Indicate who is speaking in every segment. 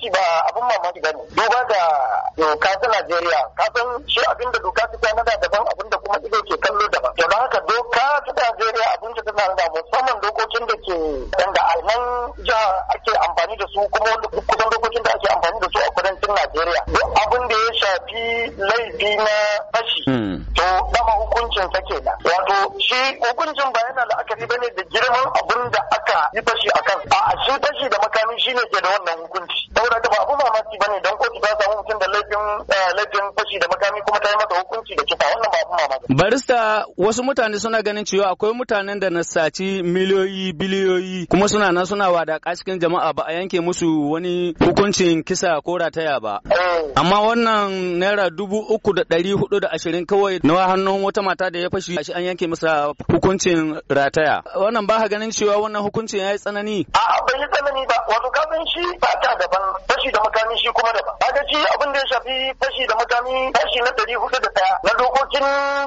Speaker 1: hukunci ba abin mamaki ba ne duba da doka ta Najeriya ka san shi abinda doka ta da daban abinda kuma ido ke kallo daban to haka doka ta Najeriya abinda ta da musamman dokokin da ke da alman jiha ake amfani da su kuma wanda kusan dokokin da ake amfani da su a kudancin Najeriya duk abin da ya shafi laifi na fashi hmm. to dama hukuncin ke kenan wato shi hukuncin ba yana la'akari bane da girman abin da aka yi fashi akan a shi fashi shi ne ke da wannan hukunci saboda ta ba abu mamaki bane don kotu ta samu mutum da laifin eh, laifin fashi da makami kuma ta yi masa hukunci da kisa wannan ba abu mamaki
Speaker 2: barista wasu mutane suna ganin cewa akwai mutanen da na saci miliyoyi biliyoyi kuma suna nan suna wadaƙa cikin jama'a ba a yanke musu wani hukuncin kisa ko rataya ba eh. amma wannan naira dubu uku da ɗari hudu da ashirin kawai na hannun wata mata da ya fashi shi an yanke masa hukuncin rataya wannan ba ganin cewa wannan hukuncin ya yi tsanani
Speaker 1: a'a bai yi tsanani ba fashi da makami fashi na ɗari hudu da ɗaya na dokokin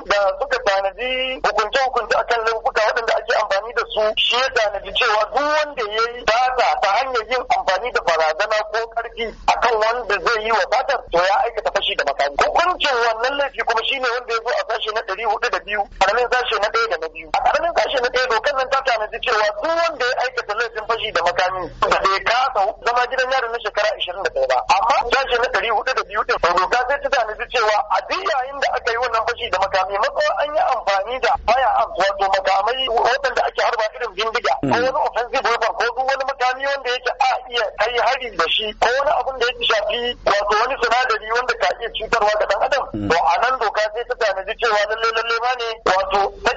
Speaker 1: da suka tanadi hukunce-hukunce akan laifuka waɗanda ake amfani da su shi ya tanadi cewa duk wanda ya yi Allah ta hanyar yin amfani da barazana ko karfi kan wanda zai yi wa fatar to ya aikata fashi da makami hukuncin wannan laifi kuma shi ne wanda ya zo a sashe na ɗari hudu da biyu a ƙaramin sashe na ɗaya da na biyu a ƙaramin sashe na ɗaya dokar nan ta tanaji cewa duk wanda ya aikata laifin fashi da makami da bai kasa zama gidan yari na shekara ashirin da ɗaya ba amma sashe na ɗari hudu da biyu ɗin doka sai ta tanaji cewa a duk yayin da aka yi wannan fashi da makami matsawa an yi amfani da baya wato makamai waɗanda ake harba irin bindiga ko wani offensive weapon ko duk wani wani wanda yake a iya kai hari da shi ko wani abun da yake shafi wato wani sinadari wanda ka iya cutarwa ga dan adam hmm. to a nan doka sai ta tanaji cewa lalle lalle ma ne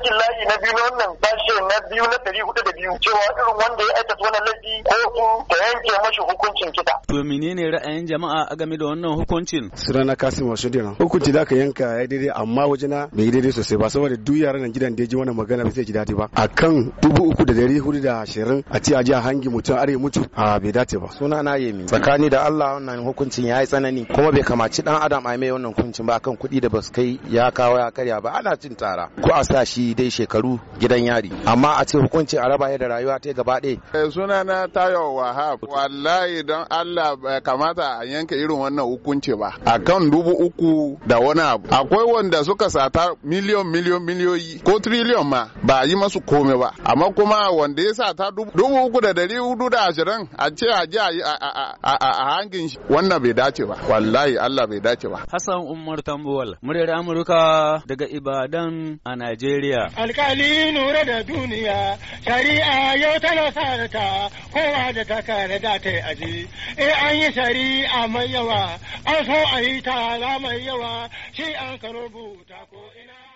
Speaker 1: sakin layi na biyu na wannan bashe na biyu na ɗari hudu da biyu cewa irin wanda ya aikata wannan laifi kotu ta yanke mashi hukuncin kisa.
Speaker 2: To menene ra'ayin jama'a game da wannan hukuncin? na Kasim Washudin. Hukunci da aka yanka ya daidai amma na bai yi daidai sosai ba saboda duk yaran nan gidan da ya ji wannan magana bai sai ji daɗi ba. A kan dubu uku da ɗari hudu da ashirin a ci a ji a hangi mutum are mutu a bai dace ba. Suna na Yemi. Tsakani da Allah wannan hukuncin ya yi tsanani kuma bai kamaci dan adam a mai wannan hukuncin ba akan kuɗi da basu kai ya kawo ya karya ba ana cin tara ko a sa shi dai shekaru gidan yari amma a ce hukuncin a raba da rayuwa ta gaba ɗaya.
Speaker 3: Eh, suna na tayo wahab wallahi don allah kamata a yanke irin wannan hukunci ba a kan dubu uku da wani abu akwai wanda suka sata miliyon miliyon miliyoyi ko triliyon ma ba yi masu kome ba amma kuma wanda ya sata dubu uku da dari hudu da ashirin a ce a ji a hangin shi wannan bai dace ba wallahi allah bai dace ba hassan umar tambuwal muryar
Speaker 2: amurka daga ibadan a najeriya duniya.
Speaker 3: Alkali nura da duniya,
Speaker 2: shari'a yau tana sa ta kowa da ta kare da ta aji. Eh an
Speaker 1: yi shari'a mai yawa, an so a yi ta mai yawa, shi an ka rubuta ko ina.